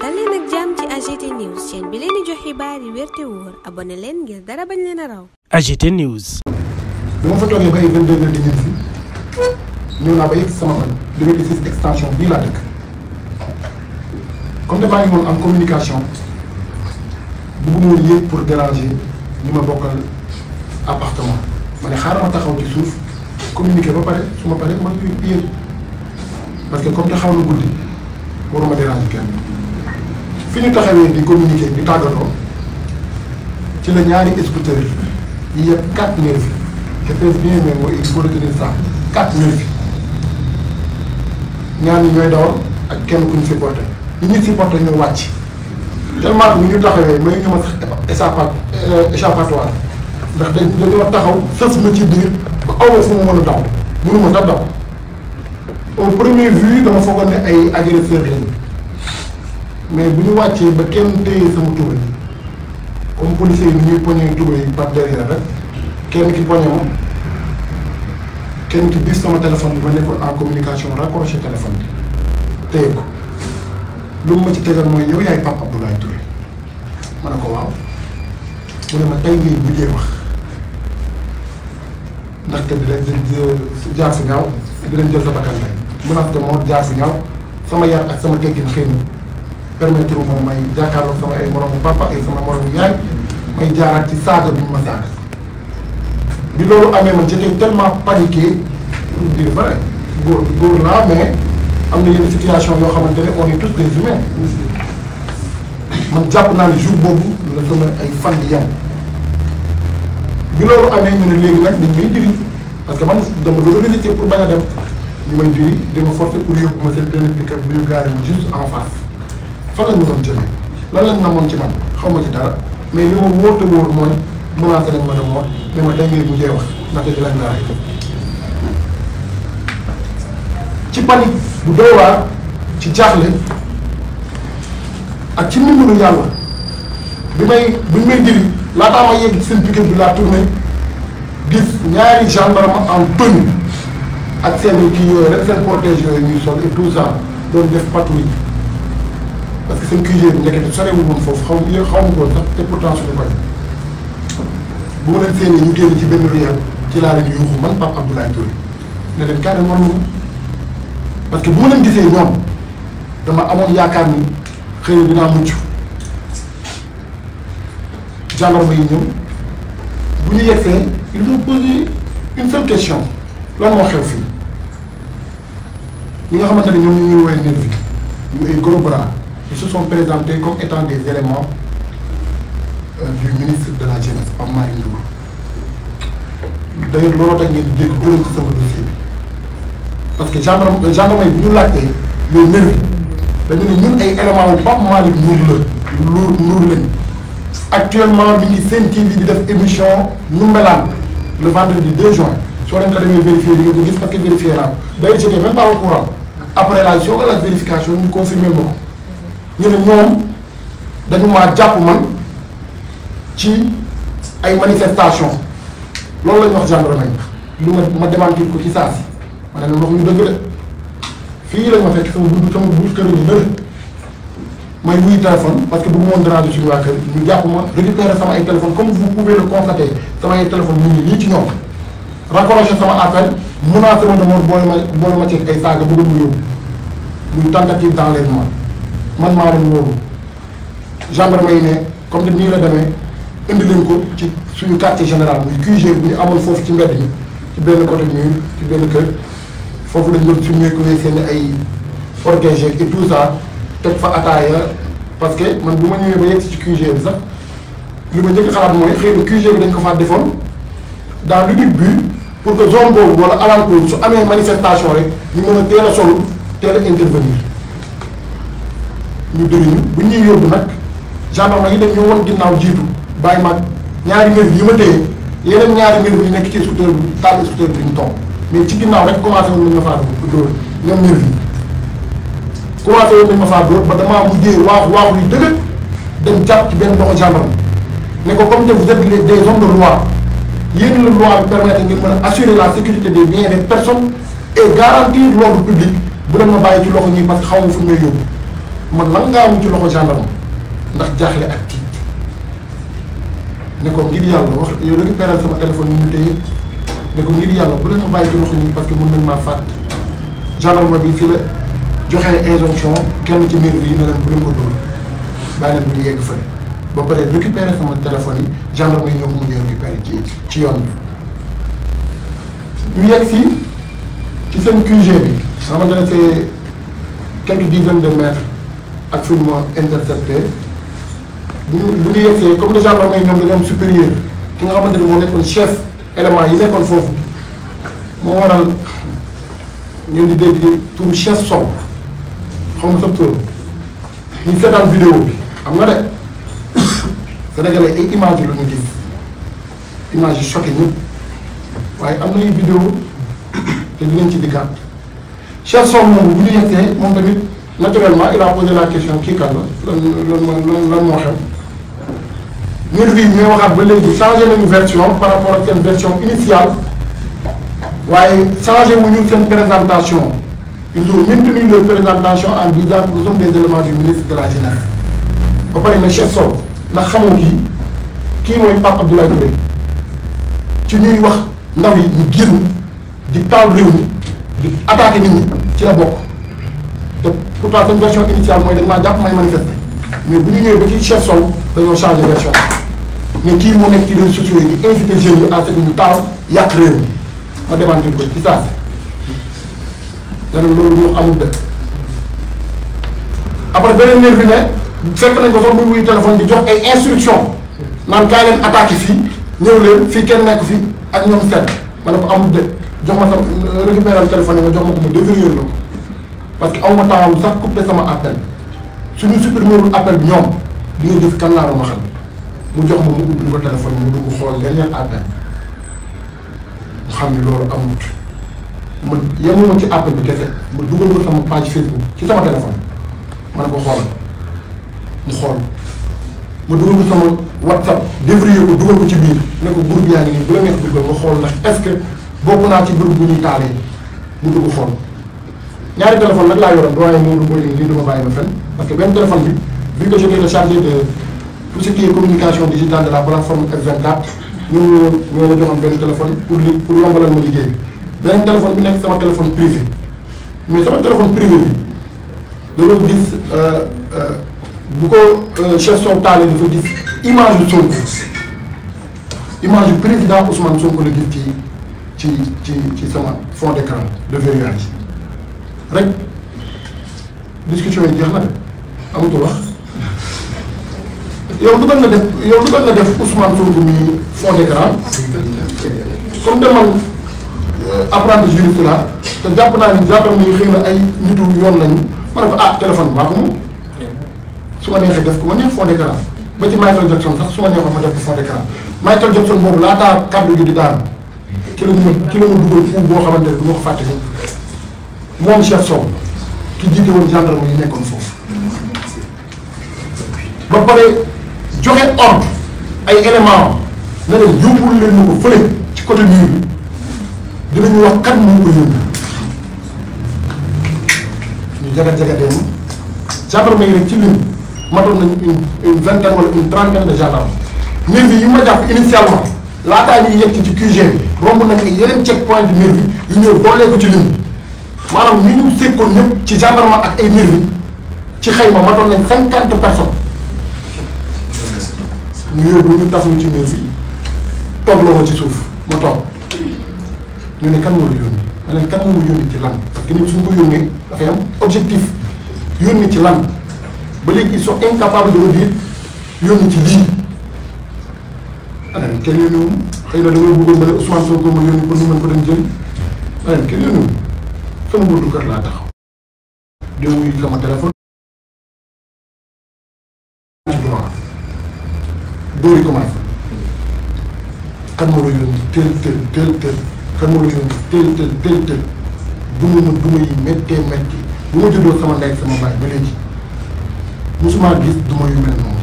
dal leen ak jàmm ci AGT News chaîne bi leen di jox xibaar yi wér te wóor leen ngir dara bañ leen a raw. AGT News. bi ma fa toogee ba ay 22 heures di ñibbi naa ba yegg sama fan liberté 6 extension bii laa dëkk comme damaa ngi woon am communication bëgguma woon yéeg pour déranger ñi ma bokkal appartement ma xaaral ma taxaw ci suuf communiquer ba pare su ma paree man yéeg parce que comme te xaw guddi waruma déranger kenn. fi ñu taxawee di communiquer di tàggatoo ci la ñaari scooter yi yi yëpp quatre nervis yi je pense bien mais mooy il faut quatre nervis yi ñooy dawal ak kenn ku ñu supporté ñi ñuy supporté ñooy wàcc tellement que ñu ñu taxawee may ñu ma sax échappatoire ndax dañ taxaw sës ma ci biir ba aw ma fu mu mën a daw dama foogoon ne ay agresseurs lañu mais bu ñu wàccee ba kenn téye sama tubay comme policier yi ni ñuy poñee tubay par derrière rek kenn ki poñe ma kenn ki gis sama téléphone bi ma nekkoon en communication raccroché téléphone bi téye ko lu mu ma ci tegal mooy yow yaay Pape Abdoulaye Touré ma ne ko waaw mu ne ma tey ngay mujjee wax ndaxte di leen di jaar si ñaaw di leen jël sa bakkan tey menace de mort jaar si ñaaw sama yar ak sama teggin xëy na. permettre moom may jàkkaarloog sama ay moromu papa ay sama moromu yaay may jaaraat ci saaga bi mu ma saaga bi loolu amee man j'étais tellement paniqué pour dire vrai góor am na yenn situation yoo xamante ne on est tous man jàpp naa ne jour boobu ay fan di yem bi loolu amee ñu ne léegi nag dañ may diri parce que man dama doon organiser pour bañ a dem ñu may diri dama forcer pour yóbbu ma seen benn pick-up bi ñu gaare juste en face fan lañ ma doon lan lañ namoon ci man xaw ma ci dara mais li ma wóor te wóor mooy menacé nañ ma ne ma ne ma dangay mujjee wax ndaxte dinañ la rey ci panique bu doy waar ci jaaxle ak ci ndimbalu yàlla bi may bi may diri laataa ma ye seen piquet bi laa tourné gis ñaari gendarme en tenue ak seen kii yooyu rek seen protège ñuy sol et tout ça doon def patrouille parce que seen cuisine bi nekkati foofu xaw ma xaw ma woon sax te pourtant suñu bu ma leen séenee ñu génn ci benn réel ci laa leen yuuxu man Pape Abdoulaye Touré ne leen carrément moom parce que bu ma leen gisee ñoom dama amoon yaakaar ni xëy yi ñëw bu ñu yegsee il m'a posé une seule question moo xew fii ñi nga xamante ne ñoom ñu ngi woowee nervi ñu ils se sont présentés comme étant des éléments euh, du ministre de la jeunesse Pape Malick Ndour d'ailleurs looloo tax ngeen dégg gërëm ci sama dossier bi parce que gendarme euh, gendarmerie bi ñu laajtee les nervis dañu ne ñun ay éléments yu Pape Malick Ndour la Ndour Ndour lañu actuellement mi ngi Sen TV di def émission Ndoumbelane le vendredi 2 juin soo leen ko demee vérifier di nga ko gis parce que vérifier naa ko d'ailleurs j'étais courant après la soo ko vérification ñu confirmer ñu ne ñoom dañu maa jàpp man ci ay manifestation loolu la ñu wax gendarmerie lu ma ma démentir ko ci saa si ma ne leen wax ñu dëgg de fii lañ ma fekk sama bunt sama bunt kër yi nële may wuy téléphone parce que bu ma mën déranger suñu waa kër ñu jàpp ma récupérer sama ay téléphone comme vous pouvez le sama ay téléphone mu ngi nii ci ñoom raccroché sama appel menacé ma de mort boole ma boole ma ci ay saaga bëgg mu yóbbu muy tentative d'enlèvement man maa dem ñëw gendarme yi ne comme ni nii la demee indi leen ko ci suñu quartier général muy QG bu ñu amoon foofu ci mbedd mi ci benn côté nii ci benn kër foofu lañ doon fumier ku ne seen ay orgagé et tout ça teg fa ataaya parce que man bu ma ñëwee ba yegg ci QG bi sax li ma njëkk xalaat mooy xëy na QG bi dañ ko fa defoon dans l'unique bi pour que zone boobu wala alentour su amee manifestation rek ñu mën a teel a solu teel a ñu jëriñu bu ñuy yóbbu nag gendarme yi dañu won ginnaaw jiitu bàyyi mag ñaari mbir yi ma téye yeneen ñaari mbir yi nekk ci scooter bi taal scooter bi ñu toog mais ci ginnaaw rek commencé woon nañ ma faa dóor ñoom ñëw fii ma faa dóor ba damaa mujjee waaxu waaxu yu dëgër dem jàpp ci benn loxo gendarme ne ko comme vous êtes des hommes de loi yéen la loi bi permettre a assurer la sécurité des biens des personnes et garantir l'ordre public bu dem ma bàyyi ci loxo ñi parce que xaw ma fu man lan ngaa ci loxo gendarme ndax jaaxle ak tiit ne ko ngir yàlla wax yow récupéral sama téléphone yi ñu téye ne ngir yàlla bu leen bàyyi ci loxo ñi parce que mën nañ maa fàtt gendarme bi fii la joxee injonction kenn ci mairie yi ne leen bu leen ko dóor bàyyi leen bu ñu yegg fële ba pare récupéré sama téléphone yi gendarme yi ñoo ko mujjee récupéré ci ci yoon bi ñu yegg si ci seen QG bi xamante ne c'est quelques dizaines de mètres actuellement intercepté bu ñu bu ñu yegsee comme déjà gendarmerie ñoom dañoo am supérieur ki nga xamante ni moo nekkoon chef élément yi ne foofu moo waral ngeen di dégg turu chef Sow xam nga sab turam ñu seetaan vidéo bi xam nga de Sénégalais ay image la ñu gis image yu choqué ñëpp waaye am na ay vidéo te dinañ ci dikkaat chef Sow moom bu ñu yegsee moom tamit. naturellement il a posé la question kii kan la lan lan lan moo xew mbir bi ñu waxaat ba léegi changé nañu version par rapport ak version initiale waaye changé wu ñu seen présentation ils ont maintenu leur présentation en disant que nous sommes des éléments du ministre de la na chef ndax xamoo kii kii mooy Pape Abdoulaye Touré ci ñuy wax ndaw yi ñu génn di mi di attaqué nit ñi ci la bokk. pas seen version initiale mooy dañ maa jàpp may manifester mais bu ñu ñëwee ba ci chef sol dañoo changé version mais kii moo nekk ci réseaux sociaux yi di incité jeunes yi à ce que ñu taaw yàq réew mi ma après beneen mbir bi ne fekk nañ ko sax muy wuyu téléphone bi jox ay instructions naan kaay leen attaqué fii ñëw leen fii kenn nekk fii ak ñoom seet ma ne ko amul dëkk jox ma sa récupéral téléphone yi nga jox ma ko mu déverrouiller ko. parce que aw ma temps sax coupé sama appel suñu supprimer wul appel bi ñoom di nga gis kan laa doon mu jox ma mu ubbi ko téléphone mu dugg xool leneen appel mu ne loolu amut ma ci appel bi kese ma dugal ko sama page Facebook ci sama téléphone ma ne ko xoolal mu xool ma dugal sama WhatsApp dévrier ko dugal ko ci biir ne ko groupe yaa ngi nii bu la neex dugal ma xool ndax est-ce que bokk naa ci groupe bu ñuy taalee mu dugg xool. ñaari téléphone nag laa yoroon doyen Maodo mooy lii du bàyyi ma fenn parce que benn téléphone bi vu que je suis le chargé de tout ce qui est communication digitale de la plateforme F24 ñun ñoo ñoo la joxoon benn téléphone pour li pour yombalal ma liggéey bi beneen téléphone bi nekk sama téléphone privé mais sama téléphone privé bi da doon gis euh, euh, bu ko euh, chef son taalee dafa gis image yu image yu président Ousmane Sonko la gis ci ci ci ci sama fond d'écran de verrouillage rek discussion yi jeex na de amatul wax yow lu doon nga def yow lu doon nga def Ousmane Sonko mi fond d'écran comme demal euh, apprenti juriste la te jàpp naa ni jàppal ni xëy na ay nitu yoon lañu ma ne ko ah téléphone maa ko moom su ma neexee def ko ma neex fond ba ci Michael Jackson sax su ma neexoon ma def ko fond Michael Jackson boobu laataa kàddu gi di daan ci la mu ci la mu dugal fuuf boo xamante ne ma ko fàtte moom Cheikh Sow ki jiite woon gendarme yi nekkoon foofu ba pare joxe ordre ay éléments na leen yóbbul leen ñu ko fële ci côté mur bi dinañu wax kan moo ko yóbbu ñu jaga-jaga dem gendarme yi rek ci lim matoon nañ une une vingtaine wala une trentaine de gendarme nervi yi ma jàpp initialement laataa ñuy yegg ci QG bi na nañ yeneen check point de nervi ñëw doolee ko ci lim maanaam li ñu fekkoon ñëpp ci gendarme ak ay nervi ci xayma ma doon nañ cinquante personnes ñu yóbbu ñu tasum ci nervi yi toog loo ci suuf ma toog ñu ne kan moo la yónni ma ne kan moo la yónni ci lan parce que nit suñ ko yónnee dafay am objectif yónni ci lan ba léegi ils sont incapables de redire yónni ci lii maanaam kenn yónni xëy na da nga bëggoon ba ne Ousmane Sonko ma yónni pour ñu mën ko dem jël maanaam kenn yónni sama buntu kër laa taxaw di wuyu sama téléphone dóor yi commencé kan ma la yónni teel teel teel teel kan ma la duma ma duma yi méttee métti bu ma juddoo sama ndey sama baay ba léegi mosuma gis duma yu mel noonu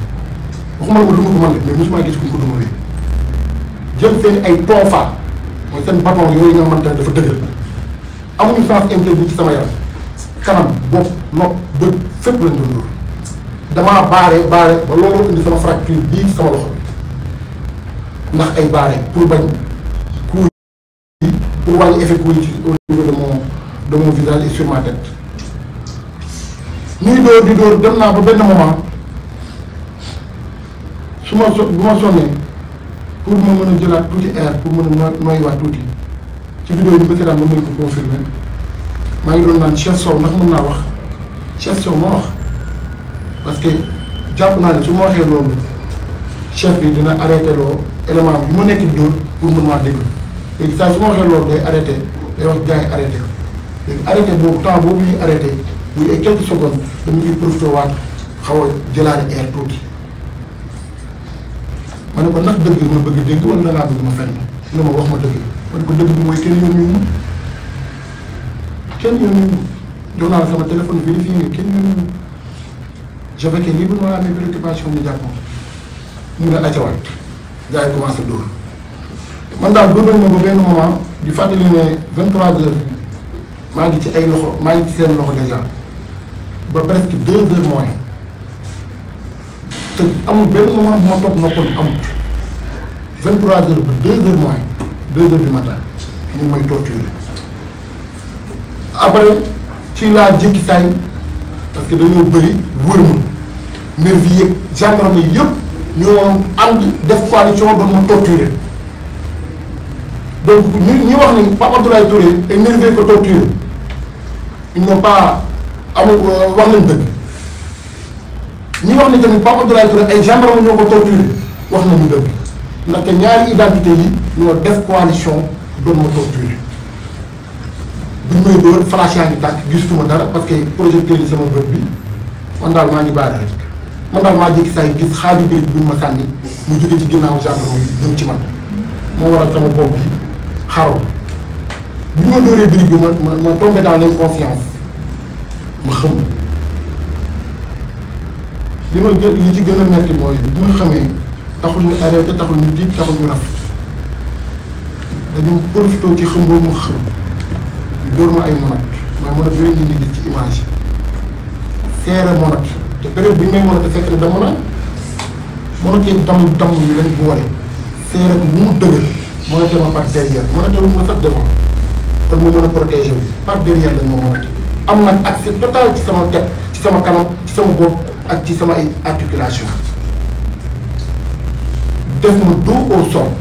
waxuma la ma duma ko man de mais mosuma gis kuñ ko duma wee jël seen ay tonfa mooy seen bâton yooyu nga mën dafa dëgër amuñu sens interdit ci sama yaram kanam bopp nopp bët fépp lañ doon damaa baare baare ba loolu indi sama fracture bii ci sama loxo ndax ay baare pour bañ coups yi pour wàññi effet coups yi ci au visage ba benn su ma so bu ma sonnee pour ma mën a jëlaat tuuti air pour mën a noyyiwaat tuuti. ci vidéo bi bëgg naa mën nañu ko confirmer maa ngi doon naan Cheikh Sow ndax mën naa wax Cheikh Sow ma wax parce que jàpp naa ne su ma waxee loolu chef bi dina arrêté loo élément bi ma nekk di dóor pour mën maa déglu léegi saa su ma waxee loolu day arrêté day wax gars yi arrêté léegi arrêté boobu temps boobu ñuy arrêté muy ay quelques secondes dañu ciy profité waat xaw a jëlaat air tuuti ma ne ko nax dëgg nga bëgg dégg wala nga laa bëgg ma fenn dina ma wax ma dëgg. ma ko dëgg bi mooy kenn yónni wu kenn yónni wu jox naa la sama téléphone vérifié nga kenn yónni wu j'avais que libre ma amee préoccupation ñu jàpp ma mu ne acawaat gars yi commencé dóor man daal dóor nañ ma ba benn di fàttali ne 23 heures maa ngi ci ay loxo maa ngi ci seen loxo déjà ba presque deux heures moins te amul benn moment bu ma toog noppalu amul 23 heures ba deux heures moins. deux heures du matin ñu may torturer après ci laa jékki saay parce que dañoo bëri wër ma nervi yeeg gendarme yi yëpp ñoo ànd def coalition doon ma torturer donc ñu wax ni Pape Abdoulaye Touré est nervi ko torturer ils n'ont pas amul euh, wax nañ dëgg ñi wax ni tamit Pape Abdoulaye Touré ay gendarme ñoo ko torturer wax nañu dëgg. naka ñaari identité yi ñoo def coalition doon ma torturer buñ may dóor flash yaa ngi tàkk gisutuma dara parce que projecteur yi sama bët bi man daal maa ngi baare rek man daal maa jékki saa yi gis xaaju bi buñ ma sànni mu jóge ci ginnaaw gendarmerie ñëw ci man moo waral sama bopp bi xaru bi ma dóoree birig bi ma ma ma tombé dans l'inconscience ma xam li ma gë li ci gën a metti mooy bi xamee. taxul ñu arrêté taxul ñu diib taxul ñu raf dañu profité ci xëm boobu mu xëm ñu dóor ma ay monat mooy monat yooyu nit ñi di ci image yi seere monat te période bi ñu may monat fekk ne dama na monat yi damm damm yi lañ boole seere bu mu dëgër monaté ma par derrière monaté wu ma sax devant kon mu mën a protéger wu par derrière lañ ma monaté am nag accès total ci sama tête ci sama kanam ci sama bopp ak ci sama ay articulation def mu dos au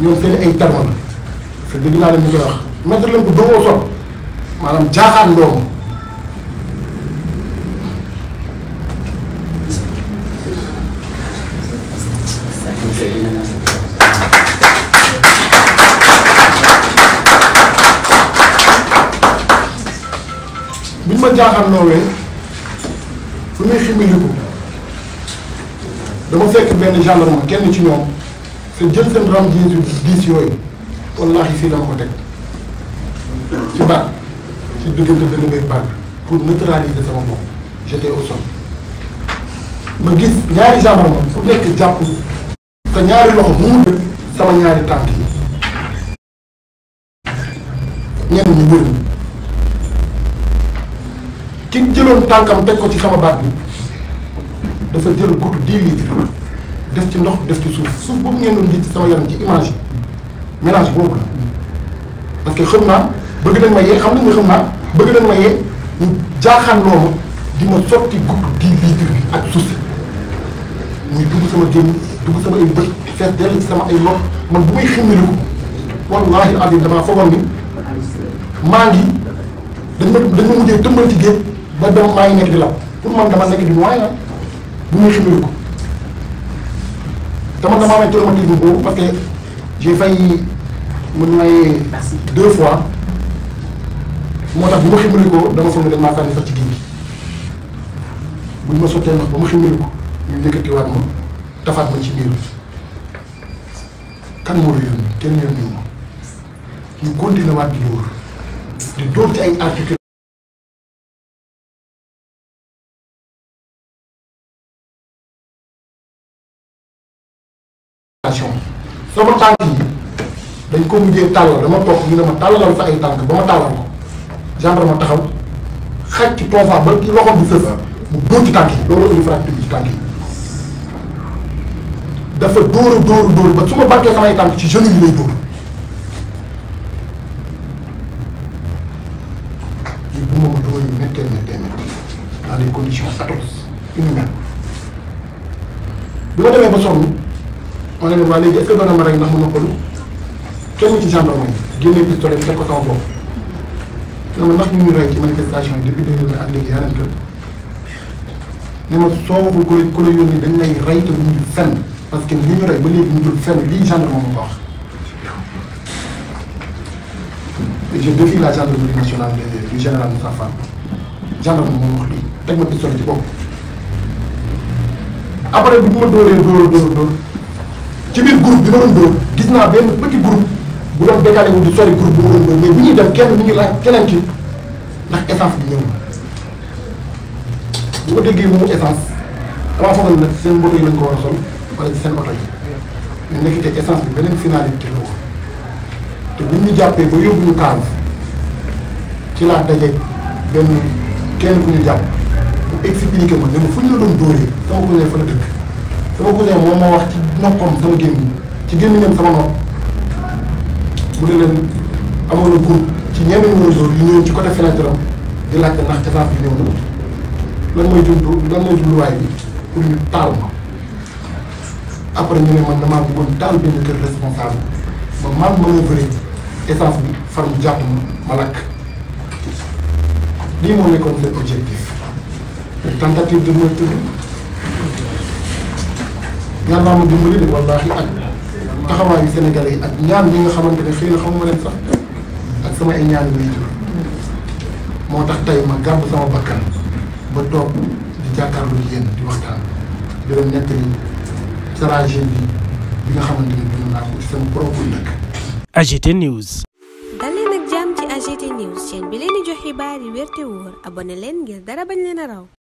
ñoom seen ay termes la parce que dégg naa leen ñu koy wax mettre leen ko dos au sol maanaam jaaxaan ndoomu bi ma jaaxal noowee fu ñuy ximiliku dama fekk benn gendarme kenn ci ñoom seen jël seen ram diis yu diis yooyu wallaahi fii laa ko teg ci baat ci diggante dana bay baat pour neutraliser sama bopp j'étais au ma gis ñaari gendarme fu nekk jàpp te ñaari loxo mu sama ñaari tànk yi ñenn ñu wër ki jëloon tànkam teg ko ci sama baat bi dafa jël gudd dix litres def ci ndox def ci suuf suuf boobu ngeen doon gis ci sama yaram ci image yi boobu la parce que xam naa bëgg nañ ma yee xam nañ ma xam naa bëgg nañ ma yee ñu jaaxaan loolu di ma sotti sama génn dugg sama ay sama ay lox man bu may ximmiliku wallahi azim damaa foogoon ni maa dañ ma dañ ma mujjee tëmbal ci géej ba dem maa nekk di law pour man dama nekk di noyyi la bu muy ximmiliku te man damaa amee traumatisme boobu parce que j'ai failli mu deux fois moo tax bu ma ximali ko dama foog ne dañ maa sànni ci géej buñ ma sottee ndox ba ma ximali ko ñu yëkkatiwaat ma tafaat ma ci biir kan moo la yónni kenn yónni ma ñu continué waat di dóor di dóor ci ay article sama tànk yi dañ ko mujjee tàllal dama toog ñu ne ma tàllalal sa ay tànk ba ma tàllal ko gendarme taxaw xaj ci toofa ba ci loxo bi sës mu dóor ci tànk yi loolu dafa dóor a dóor a dóor ba su ma bàkkee samay tànk ci genou yi lay dóor yi bu moom dóor yu méttee méttee méttee dans bi ma demee ba sonn ma ne ma waa léegi est-ce que doon na ma rek ndax ma noppalu kenn ci gendarmerie génne pistolet bi teg ko sama bopp ne ma ndax ñu ngi rey ci manifestation yi depuis deux mille ak léegi yaa nekk ne ma soo waxul ku la ku la yónni dañ lay rey te mujjul fenn parce que li ñu rey ba léegi mujjul fenn lii gendarmerie moo ko wax. je défie la gendarmerie nationale du général Moussa Fall gendarme moom wax lii teg ma pistolet ci bopp après bu ma dóoree dóor dóor ci biir groupe bi ma doon dóor gis naa benn petit groupe bu doon décalé wu di sori groupe bu ma doon dóor mais bu ñuy dem kenn mi ngi laaj keneen ki ndax bi ñëw bu ko déggee lañ ko war a sol wala ci seen oto nekk te essence bi beneen finalité la woon te bu ñu jàppee ba yóbbu ñu kaam ci laa daje benn kenn ku ñu jàpp mu expliqué ma ne ma fu ñu la doon dóoree sama ko ne fa la dëkk. sama cousin moom moo wax ci noppam sama gémmiñ ci gémmiñam sama nopp mu ne leen amoon na groupe ci ñenn réseau yu ñëw ci côté Filantiram di laajte ndax Casamance bi ñëw na lan mooy jublu lan mooy jubluwaay bi pour ñu taal ma après ñu ne man damaa bëggoon taal benn kër responsable ba man manœuvrer essence bi far mu ma lakk lii moo nekkoon seen objectif tentative de meurtre yàlla ma dimbali de wallaahi ak taxawaayu sénégalais yi ak ñaan yi nga xamante ne xëy na xamuma leen sax ak sama ay ñaan yu moo tax tey ma gàmb sama bakkan ba toog di jàkkaarloo ak yéen di waxtaan di leen nettali trajet bi bi nga xamante ne dund naa ko ci sama propre dëkk. AGT News. dalee nag jàmm ci AGT News chaîne bi leen di jox xibaar yi wér te wóor abonné leen ngir dara bañ leen a raw.